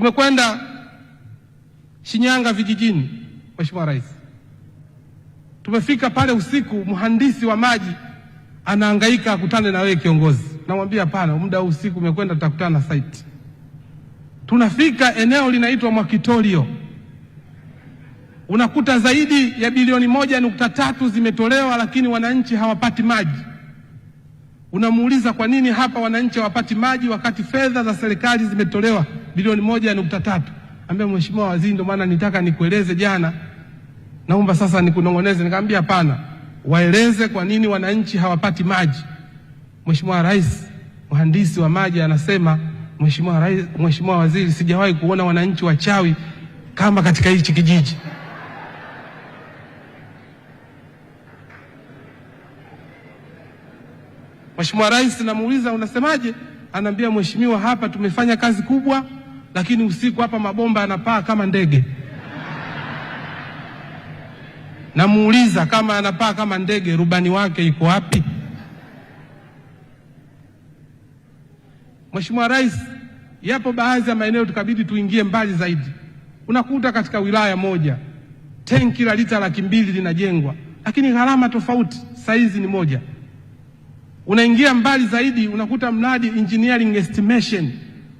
Tumekwenda Shinyanga vijijini, Mheshimiwa Rais, tumefika pale usiku, mhandisi wa maji anahangaika akutane na wewe kiongozi, namwambia hapana, muda huu usiku umekwenda, tutakutana na site. Tunafika eneo linaitwa Mwakitolio, unakuta zaidi ya bilioni moja nukta tatu zimetolewa, lakini wananchi hawapati maji. Unamuuliza, kwa nini hapa wananchi hawapati maji wakati fedha za serikali zimetolewa? bilioni moja nukta tatu. Ambia mheshimiwa waziri, ndio maana nitaka nikueleze jana, naomba sasa nikunong'oneze. Nikamwambia hapana, waeleze kwa nini wananchi hawapati maji. Mheshimiwa Rais, mhandisi wa maji anasema, mheshimiwa rais, mheshimiwa waziri, sijawahi kuona wananchi wachawi kama katika hichi kijiji. Mheshimiwa Rais namuuliza unasemaje? Anaambia mheshimiwa, hapa tumefanya kazi kubwa lakini usiku hapa mabomba yanapaa kama ndege. Namuuliza, kama anapaa kama ndege, rubani wake yuko wapi? Mheshimiwa Rais, yapo baadhi ya maeneo tukabidi tuingie mbali zaidi. Unakuta katika wilaya moja tenki la lita laki mbili linajengwa, lakini gharama tofauti, saizi ni moja. Unaingia mbali zaidi, unakuta mradi engineering estimation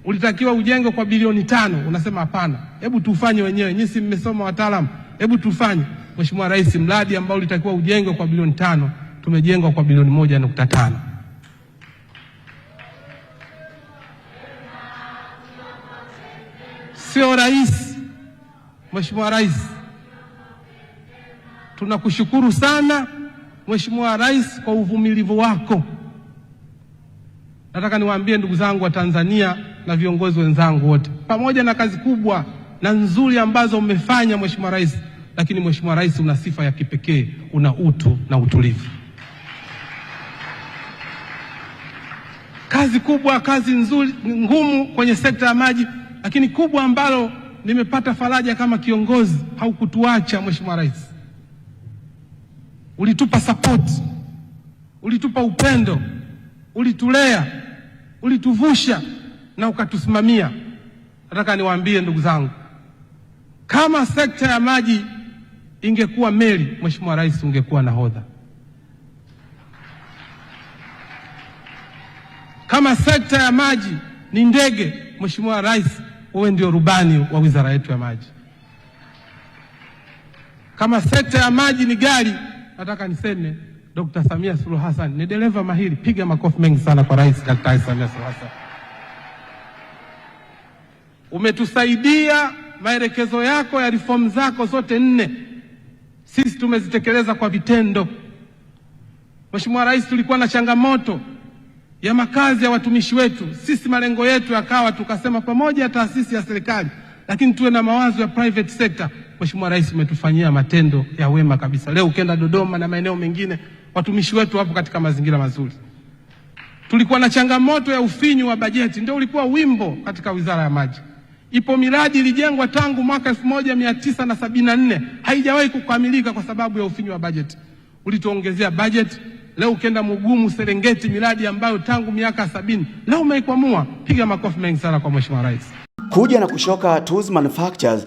ulitakiwa ujenge kwa bilioni tano, unasema hapana, hebu tufanye wenyewe, nyinyi si mmesoma wataalamu, hebu tufanye. Mheshimiwa Rais, mradi ambao ulitakiwa ujengwe kwa bilioni tano tumejengwa kwa bilioni moja nukta tano. Sio rais, Mheshimiwa Rais, tunakushukuru sana Mheshimiwa Rais kwa uvumilivu wako. Nataka niwaambie ndugu zangu wa Tanzania na viongozi wenzangu wote, pamoja na kazi kubwa na nzuri ambazo umefanya Mheshimiwa Rais, lakini Mheshimiwa Rais, una sifa ya kipekee, una utu na utulivu. Kazi kubwa, kazi nzuri, ngumu kwenye sekta ya maji, lakini kubwa ambalo nimepata faraja kama kiongozi, haukutuacha Mheshimiwa Rais, ulitupa support, ulitupa upendo, ulitulea, ulituvusha na ukatusimamia. Nataka niwaambie ndugu zangu, kama sekta ya maji ingekuwa meli, Mheshimiwa Rais ungekuwa nahodha. Kama sekta ya maji ni ndege, Mheshimiwa Rais wewe ndio rubani wa wizara yetu ya maji. Kama sekta ya maji ni gari, nataka niseme Dr. Samia Suluhu Hassan ni dereva mahiri. Piga makofi mengi sana kwa Rais daktari Samia Suluhu Hassan umetusaidia. Maelekezo yako ya reform zako zote nne sisi tumezitekeleza kwa vitendo. Mheshimiwa Rais, tulikuwa na changamoto ya makazi ya watumishi wetu. Sisi malengo yetu yakawa, tukasema pamoja taasisi ya serikali, lakini tuwe na mawazo ya private sector. Mheshimiwa Rais, umetufanyia matendo ya wema kabisa. Leo ukienda Dodoma na maeneo mengine, watumishi wetu wapo katika mazingira mazuri. Tulikuwa na changamoto ya ufinyu wa bajeti, ndio ulikuwa wimbo katika Wizara ya Maji. Ipo miradi ilijengwa tangu mwaka elfu moja mia tisa na nne haijawahi kukamilika kwa sababu ya ufinyu wa bajeti. Ulituongezea bajeti, leo ukienda Mugumu, Serengeti, miradi ambayo tangu miaka sabini leo umeikwamua. Piga makofi mengi sana kwa Mheshimiwa Rais. Kuja na kushoka Tools Manufactures